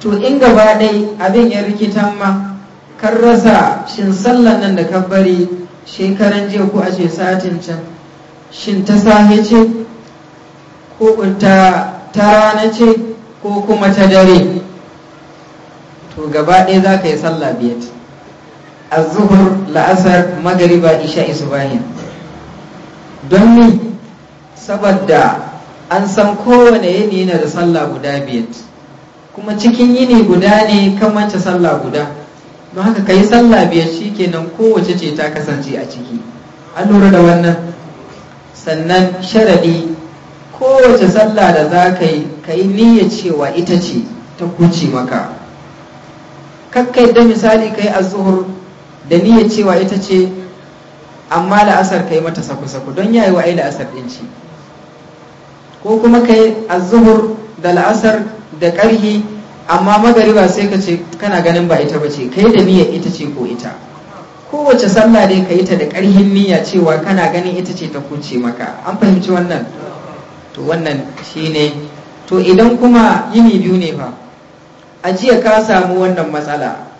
to in gaba ɗaya abin ya rikitan ma kan rasa shin sallan nan da ka bari shekaran jiya ko a ce satin can shin ta sahe ce ko ta rana ce ko kuma ta dare to gaba ɗaya za ka yi sallah biyar azuhur la'asar magariba isha'i subahin don ni saboda an san kowane yini yana da sallah guda biyar kuma cikin yini guda ne kamanta sallah guda don haka ka yi sallah biyar shi kenan kowace ce ta kasance a ciki an lura da wannan sannan sharaɗi kowace sallah da za ka yi ka yi niyyar cewa ita ce ta kuce maka kakkai da misali ka yi azuhur da niyya cewa ita ce amma la'asar ka yi mata saku-saku don yayi wa ai la'asar ɗinci ci ko kuma ka yi azuhur da la'asar da ƙarhi amma magariba sai ka ce kana ganin ba ita ba ce ka yi da niyyar ita ce ko ita kowace sallah dai ka yi ta da ƙarhin niyya cewa kana ganin ita ce ta kuce maka an fahimci wannan to wannan shine to idan kuma yini biyu ne fa a jiya ka samu wannan matsala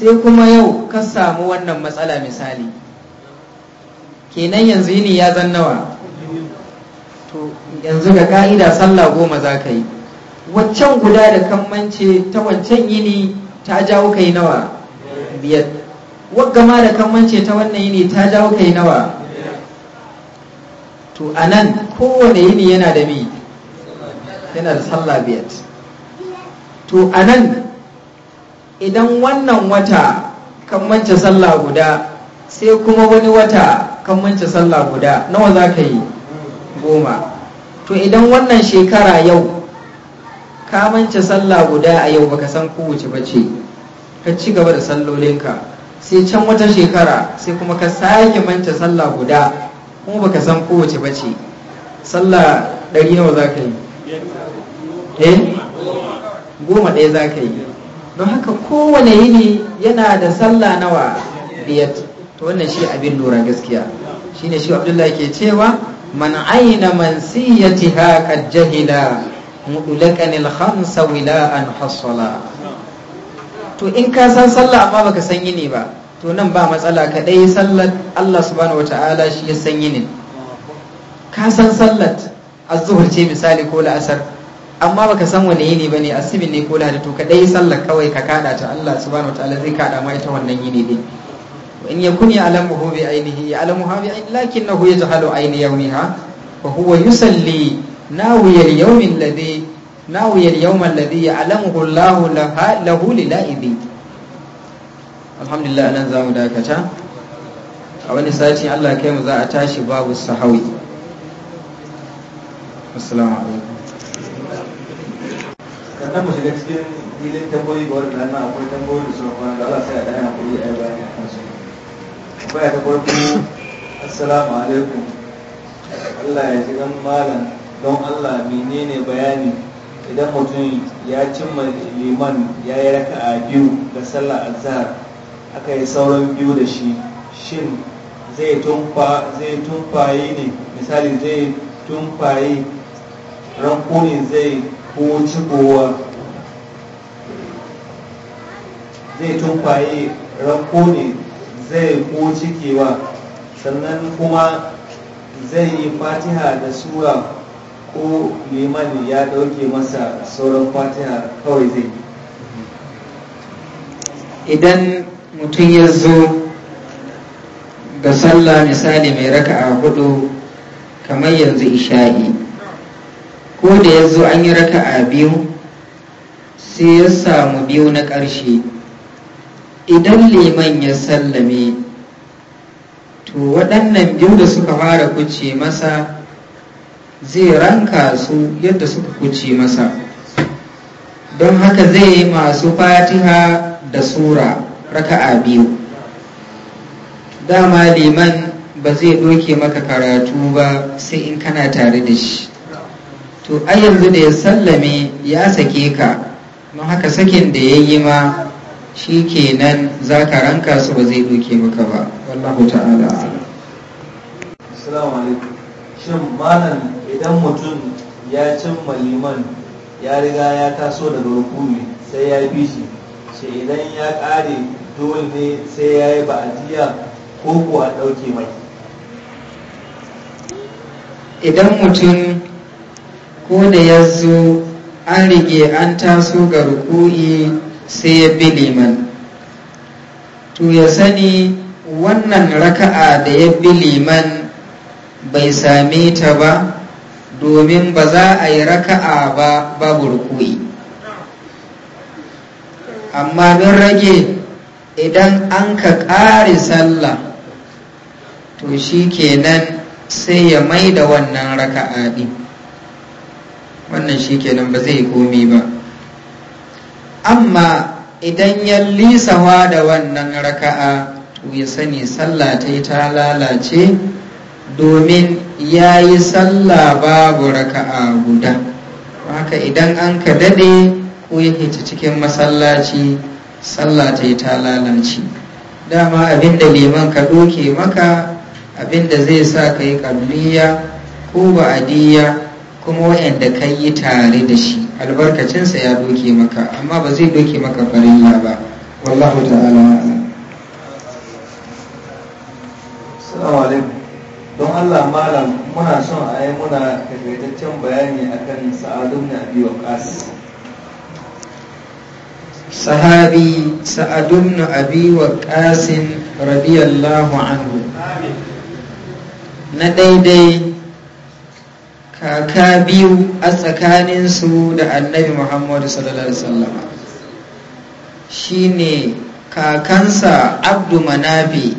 sai kuma yau ka samu wannan matsala misali kenan yanzu yini ya zan nawa to yanzu ga ka'ida sallah goma za ka yi waccan guda da kammance ta waccan yini ta jawo ka yi nawa biyar waggama da kammance ta wannan yini ta jawo ka yi nawa to a nan kowane yini yana da mi yana da sallah biyar to a nan idan wannan wata kan mance sallah guda sai kuma wani wata kan mance sallah guda nawa za ka yi goma to idan wannan shekara yau ka mance sallah guda a yau baka san kowace bace ka ci gaba da sallolinka sai can wata shekara sai kuma ka sake mance sallah guda kuma baka san kowace bace sallah ɗari nawa za ka yi eh goma ɗaya za ka yi don haka kowane yini yana da sallah nawa biyar ta wannan shi abin lura gaskiya Shi ne shi abdullahi ke cewa man aina man siyatiha qad jahila mudulakan al wila an hasala to in ka san sallah amma baka san yini ba to nan ba matsala ka dai sallar Allah subhanahu wataala shi ya san yini ka san sallar a ce misali ko la'asar amma baka san wani yini ba ne asibin ne ko lahadi to ka dai sallar kawai ka kada ta Allah subhanahu wataala zai kada ma ita wannan yini ne wa in alamu ya'lamuhu bi ainihi ya'lamuha bi ainihi lakinnahu yajhalu ayni yawmiha wa huwa yusalli nawiya al-yawm alladhi nawiya al-yawm alladhi ya'lamuhu Allahu lahu lila'ibi alhamdulillah nan zamu dakata a wani sati Allah kai mu za a tashi babu sahawi assalamu alaikum kan mu shiga cikin filin tambayoyi ga wadda nan akwai tambayoyi da sauran kwanan da Allah sai a dana hakuri a yi bayani a kansu tambaya ta farko assalamu alaikum Allah ya ji gan malam don Allah menene bayani idan mutum ya cimma liman ya yi raka a biyu ga sallar azhar aka yi sauran biyu da shi shin zai tumfaye ne misali zai tumfaye rankuni zai ko cigowa zai tunkwaye rakko ne zai kocikewa sannan kuma zai yi fatiha da sura ko liman ya dauke masa sauran fatiha kawai zai yi idan mutum ya zo ga sallah misali mai raka a hudu kamar yanzu isha'i ko da ya zo an yi raka a biyu sai ya samu biyu na ƙarshe idan liman ya sallame to waɗannan biyu da suka fara kuce masa zai ranka su yadda suka kuce masa don haka zai yi masu fatiha da sura raka a biyu dama liman ba zai doke maka karatu ba sai in kana tare da shi to a yanzu da ya sallame ya sake ka don haka sakin da ya yi ma shi kenan za ka ranka su ba zai doke maka ba wallahu ta'ala assalamu alaikum shin malam idan mutum ya cimma liman ya riga ya taso daga rukuni sai ya bi shi shi idan ya ƙare dole ne sai ya yi ba'adiyya ko kuwa ɗauke mai idan mutum ko da ya zo an rige an taso ga ruku'i sai ya bi liman to ya sani wannan raka'a da ya bi liman bai same ta ba domin ba za a yi raka'a ba babu ruku'i amma don rage idan an ka ƙare sallah to shi kenan sai ya mai da wannan raka'a ɗin wannan shi nan ba zai komi ba amma idan ya lisawa da wannan raka'a to ya sani sallah ta yi ta lalace domin ya yi sallah babu raka'a guda haka idan an ka dade ko ya ta cikin masallaci sallah ta yi ta lalace dama abinda liman ka doke maka abinda zai sa ka yi ƙabliya ko ba'adiyya kuma wayanda ka yi tare da shi albarkacinsa ya doke maka amma ba zai doke maka farilla ba wallahu ta'ala salamu alaikum don allah malam muna son a yi muna kafetaccen bayani akan sa'adun na biyu kas sahabi sa'adun na abi wa kasin radiyallahu anhu na daidai kaka biyu a tsakaninsu da annabi muhammadu sallallahu alaihi shi ne kakansa abdu manafi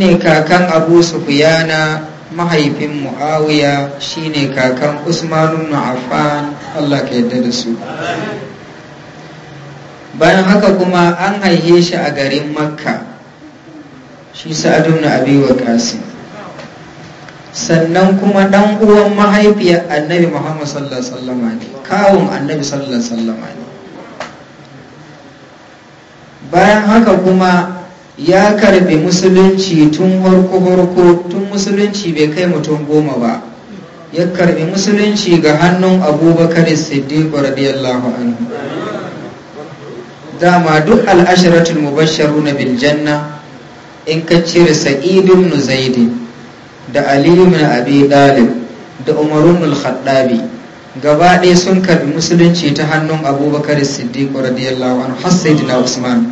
ne kakan abu sufyana mahaifin muawiya shi ne kakan Usmanu Ma'afan, Allah ka yadda da su bayan haka kuma an haihe shi a garin makka shi sa'ad na abi waqasim sannan kuma dan uwan mahaifiyar annabi muhammad sallallahu alaihi wasallam ne kawun annabi sallallahu alaihi wasallam ne bayan haka kuma ya karbe musulunci tun harko-harko tun musulunci bai kai mutum goma ba ya karbe musulunci ga hannun abubakar siddiq radiyallahu anhu dama duk al'ashiratul mubashsharuna na Janna, in ka cire sa'idun nuzaidin da aliyu min abi dalib da umarun al-khattabi gaba ɗaya sun karbi musulunci ta hannun abubakar siddiq radiyallahu anhu har sayyidina usman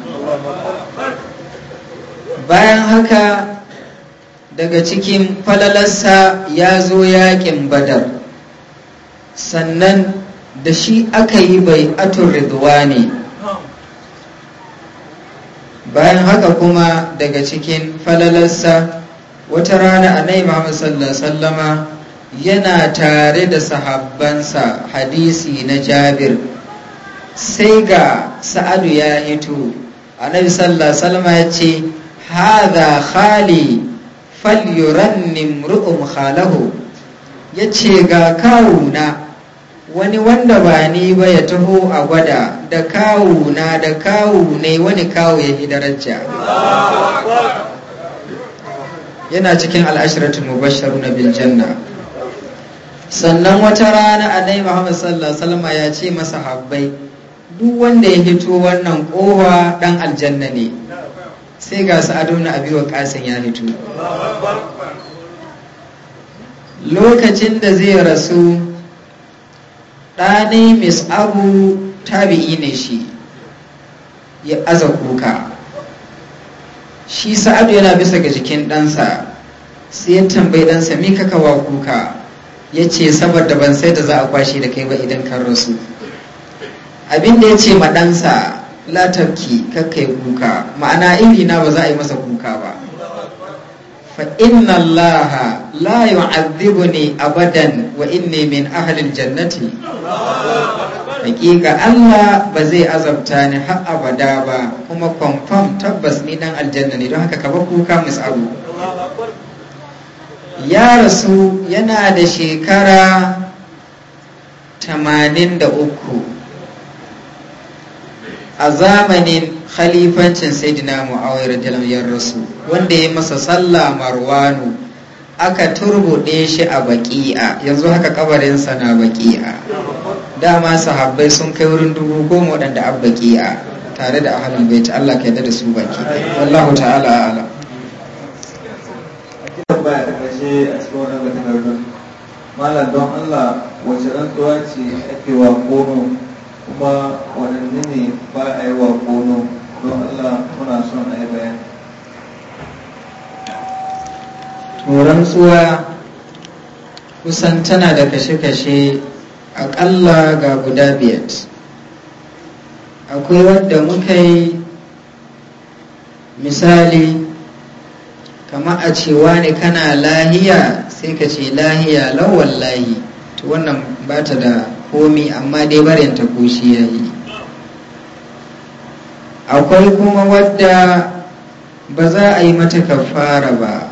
bayan haka daga cikin falalarsa ya zo yakin badar sannan da shi aka yi bai atun ne bayan haka kuma daga cikin falalarsa wata rana annabi Muhammad sallallahu wasallama yana tare da sahabbansa hadisi na Jabir sai ga Sa'adu ya hito annabi sallallahu wasallama ya ce hadha khali falyurannim ru'um khalahu ya ce ga kawuna wani wanda ba ni ba ya taho a gwada da kawuna da kawu ne wani kawu ya fi daraja yana cikin al'ashiratul mubashsharuna na biljanna sannan wata rana a Muhammad sallallahu alaihi wasallam ya ce masa habbai duk wanda ya hito wannan kowa dan aljanna ne sai ga su aduna na abiwa kasin ya hito lokacin da zai rasu mis abu tabi'i ne shi ya aza kuka shi sa'adu yana bisa ga jikin ɗansa sai ya tambayi ɗansa mi kaka wa kuka ya ce saboda ban sai da za a kwashe da kai ba idan kan rasu Abinda da ya ce ma ɗansa latarki kakkai kuka ma'ana iri na ba za a yi masa kuka ba fa inna allaha ne yu'adhibuni abadan wa inni min ahalin jannati hakika Allah ba zai azabta ni har abada ba kuma confirm tabbas ni dan aljanna ne don haka ka ba kuka mus'abu ya rasu yana da shekara 83 a zamanin khalifancin sayyidina mu'awiyar dalamiyar rasu wanda ya masa sallah marwanu aka turbuɗe shi a baki'a yanzu haka kabarinsa na baki'a dama sahabbai sun kai wurin dubu goma waɗanda abbaki a tare da ahalin baiti Allah ka yarda da su baki wallahu ta'ala ala malam don Allah wace rantsuwa ce ake wa kono kuma waɗanne ne ba a yi wa kono don Allah muna son a yi bayani to rantsuwa kusan tana da kashe-kashe aƙalla ga guda biyar akwai wadda muka yi misali kama a cewa ne kana lahiya sai ka ce lahiya lawan lahi to wannan ba ta da komi amma dai barin ta shi ya yi akwai kuma wadda ba za a yi mata kafara ba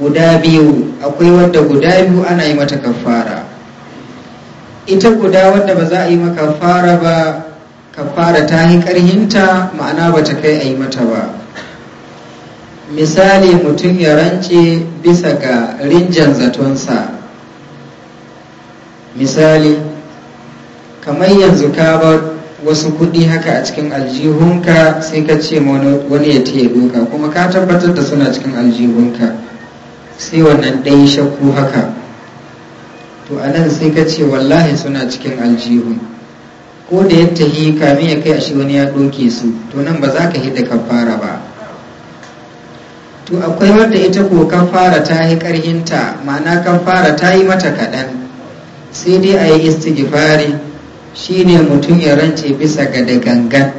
guda biyu akwai wadda guda biyu ana yi mata kafara ita guda wanda ba za a yi maka fara ba ka fara ta yi karhinta ma'ana ba ta kai a yi mata ba misali mutum ya rance bisa ga rinjan zatonsa misali kamar yanzu ka ba wasu kuɗi haka a cikin aljihunka sai ka ce wani ya taya doka kuma ka tabbatar da suna cikin aljihunka sai wannan ɗaya shakku haka to a nan sai ka ce wallahi suna cikin aljihu ko da ya tahi kami ya kai a shi wani ya ɗoke su to nan ba za ka hidda kafara ba to akwai wadda ita ko kafara ta yi ƙarhinta ma'ana kafara ta yi mata kaɗan sai dai a yi istighfari shine mutum ya rance bisa ga da gangan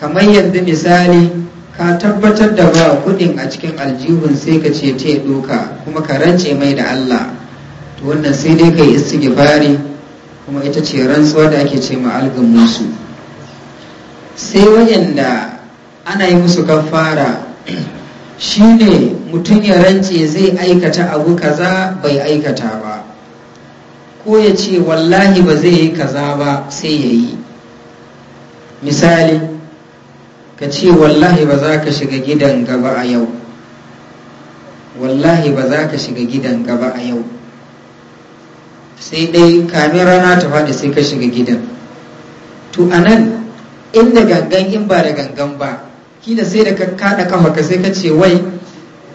kamar yanzu misali ka tabbatar da ba kuɗin a cikin aljihun sai ka ce te doka kuma ka rance mai da Allah wannan sai dai kai istighfari kuma ita ce rantsuwa da ake ce ma'algan musu sai wayanda ana yi musu kafara shine mutum ya rance zai aikata abu kaza bai aikata ba ko ya ce wallahi ba zai yi kaza ba sai ya yi misali ka ce wallahi ba za ka shiga gidan gaba a yau wallahi ba za ka shiga gidan gaba a yau sai dai kamin rana ta faɗi sai ka shiga gidan to a nan inda gangan in ba da gangan ba kila sai da ka kada kafa ka sai ka ce wai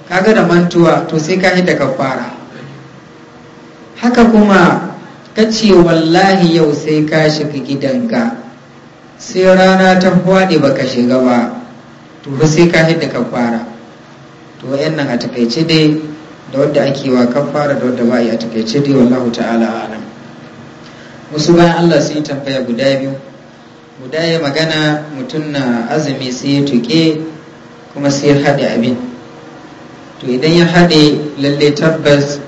Ka ga da mantuwa to sai ka hita ka fara haka kuma ka ce wallahi yau sai ka shiga gidanka sai rana ta faɗi ba ka shiga ba to sai ka hita ka fara to wayannan a takaice dai da wadda ake wa kafara da wadda ba yi a takaice dai wallahu ta'ala alam wasu bayan Allah sun yi tambaya guda biyu guda ya magana mutum na azumi sai ya tuƙe kuma sai ya haɗe abin to idan ya haɗe lalle tabbas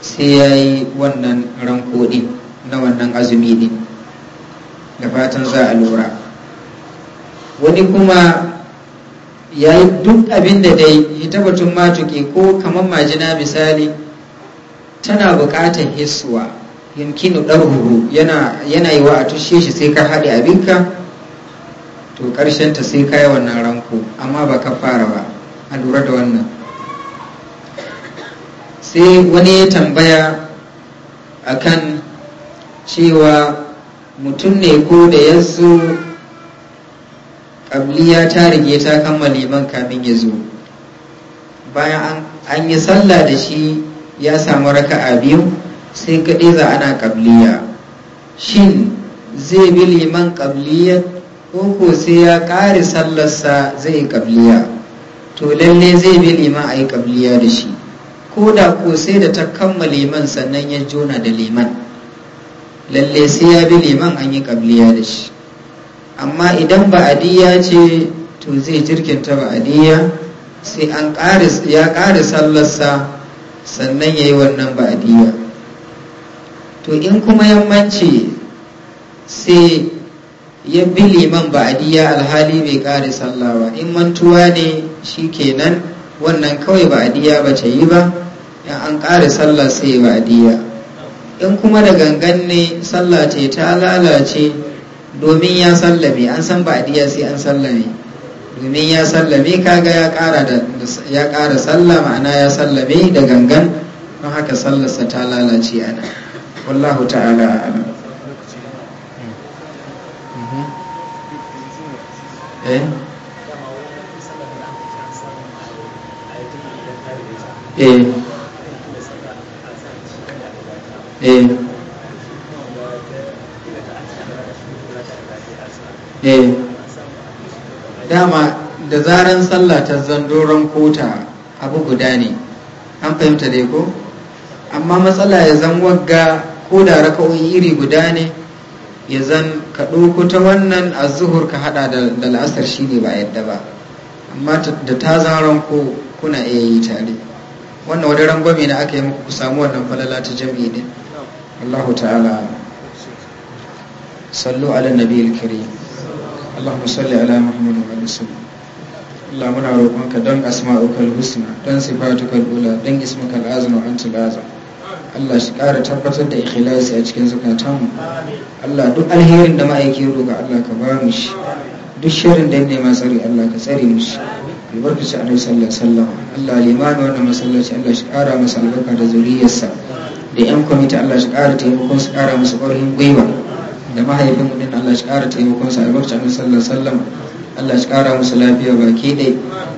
sai ya yi wannan ranko ɗin na wannan azumi ɗin da fatan za a lura wani kuma yayin duk abin da dai ita batun matuƙi ko kamar majina misali tana buƙatar hisuwa yankinu ɗan huru yana yi wa a tushe shi sai ka haɗe abinka to ta sai ka yi wannan ranko amma ba ka fara ba a lura da wannan sai wani ya tambaya a kan cewa mutum ne ko da ya ƙabliya ta rige ta kammala man kamin ya zo bayan an yi sallah da shi ya samu raka'a biyu sai kaɗai za ana kabliya shin zai bi liman kabliya ko ko sai ya ƙare sallarsa zai yi kabliya to lalle zai bi liman a yi kabliya da shi ko da ko sai da ta kammala liman sannan ya jona da liman lalle sai ya bi liman an yi ƙabliya da shi amma idan ba'adiyya ce to zai jirkinta ba'adiyya sai an ya ƙara sallarsa sannan ya yi wannan ba'adiyya to in kuma yammanci sai ya bi liman ba'adiyya alhali bai ƙari sallah ba in mantuwa ne shi kenan wannan kawai ba'adiyya ba ce yi ba in an ƙara sallah sai ba'adiyya in kuma da gangan ne sallah ce ta lalace domin ya sallame an san ba diya sai an sallame domin ya sallame kaga ya kara da ya sallah ma'ana ya sallame da gangan don haka sallarsa ta lalace nan wallahu ta'ala a'lam mhm. eh eh eh Eh, dama da zaren sallah ta zandoron kota abu guda ne an fahimta dai ko amma matsala ya zan wagga ko da raka'o'i iri guda ne ya zan ka ta wannan a zuhur ka hada da la'asar shi ne ba yadda ba amma da ta zaran ko kuna iya yi tare wannan wani rangwame na aka yi muku ku samu wannan falala ta jam'i din Allah ta'ala sallu ala al karim Allahumma salli ala Muhammad wa ala sallam Allah muna roƙonka don asma'ukal husna don sifatukal ula don ismukal azna wa antal azam Allah shi ƙara tabbatar da ikhlasi a cikin zukatanmu Allah duk alherin da ma'aikin roƙa Allah ka ba mu shi duk shirin da ne tsari Allah ka tsare mu shi shi a sallallahu sallam Allah limamin wannan masallaci Allah shi ƙara masa albarka da zuriyarsa da yan kwamiti Allah shi ƙara taimakon su ƙara musu ƙwarin gwiwa da mahaifin mu din Allah shi kara taimakon sa albarka annabi sallallahu alaihi wasallam Allah shi kara musu lafiya baki dai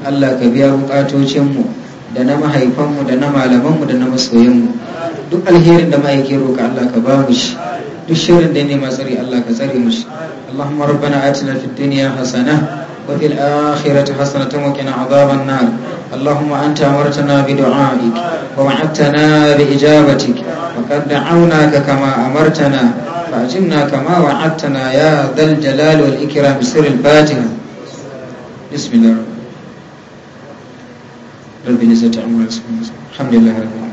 Allah ka biya bukatocin mu da na mahaifan mu da na malaman mu da na masoyan mu duk alherin da mahaifin roka Allah ka ba mu shi duk shirin da ne masari Allah ka tsare mu shi Allahumma rabbana atina fid dunya hasana وفي الآخرة حسنة وقنا عذاب النار اللهم أنت أمرتنا بدعائك ووعدتنا بإجابتك وقد دعوناك كما أمرتنا فأجمنا كما وعدتنا يا ذا الجلال والإكرام بسر الفاتحة بسم الله رب العزة عما يصفون الحمد لله رب العالمين